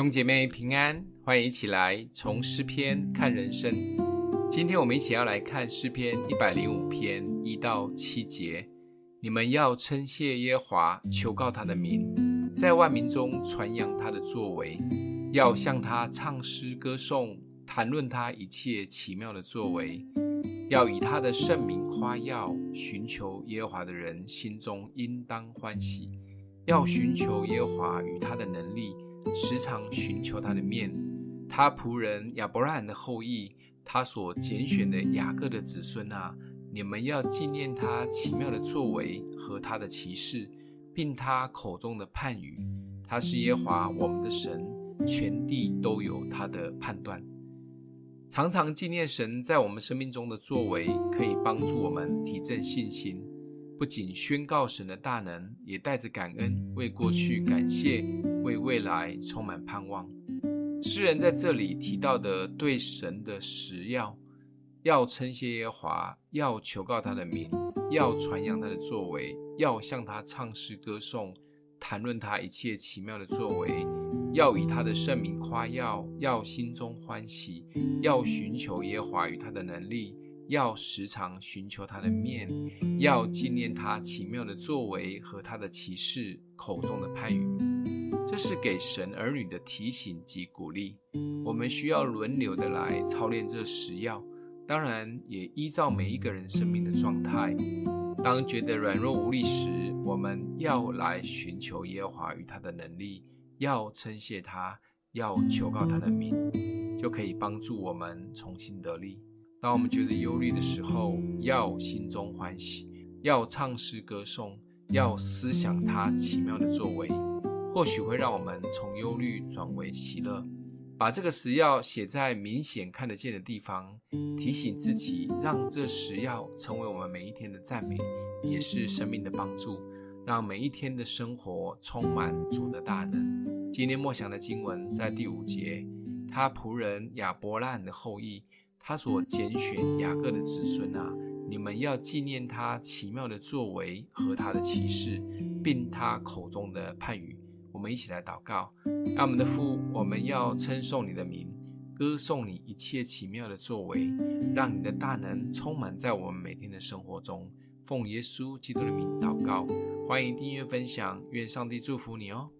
兄姐妹平安，歡迎一起來從詩篇看人生。今天我們一起要來看詩篇一百零五篇一到七節。你們要稱謝耶和華，求告他的名，在萬民中傳揚他的作為，要向他唱詩歌頌，談論他一切奇妙的作為，要以他的聖名誇耀，尋求耶和華的人心中應當歡喜，要尋求耶和華與他的能力。時常尋求他的面，他僕人亞伯拉罕的後裔，他所揀選的雅各的子孫啊，你們要紀念他奇妙的作為和他的奇事，並他口中的判語。他是耶和華我們的神，全地都有他的判斷。常常紀念神在我們生命中的作為，可以幫助我們提振信心。不僅宣告神的大能，也帶着感恩為過去感謝。為未來充滿盼望。詩人在這裡提到的對神的十要，要稱謝耶和華，要求告他的名，要傳揚他的作為，要向他唱詩歌頌，談論他一切奇妙的作為，要以他的聖名誇耀，要心中歡喜，要尋求耶和華與他的能力，要時常尋求他的面，要紀念他奇妙的作為和他的奇事，口中的判語。這是給神兒女的提醒及鼓勵。我們需要輪流的來操練這十要，當然也依照每一個人生命的狀態。當覺得軟弱無力時，我們要來尋求耶和華與他的能力，要稱謝他，要求告他的名，就可以幫助我們重新得力。當我們覺得憂慮的時候，要心中歡喜，要唱詩歌頌，要思想他奇妙的作為。或許會讓我們從憂慮轉為喜樂，把這個十要寫在明顯看得見的地方，提醒自己，讓這十要成為我們每一天的讚美，也是生命的幫助，讓每一天的生活充滿主的大能。今天默想的經文在第五節，他僕人亞伯拉罕的後裔，他所揀選雅各的子孫啊，你們要紀念他奇妙的作為和他的奇事，並他口中的判語。我們一起來禱告，愛我們的父，我們要稱頌你的名，歌頌你一切奇妙的作為，讓你的大能充滿在我們每天的生活中。奉耶穌基督的名禱告，歡迎訂閱分享，願上帝祝福你哦。